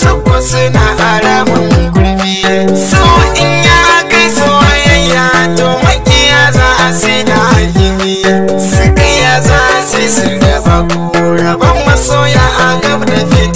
sakwa suna haramun gurbi so in ya kai soyayya to makiya za a sai da halimi suka ya za a sai su gaba ko rabon masoya a gab da fita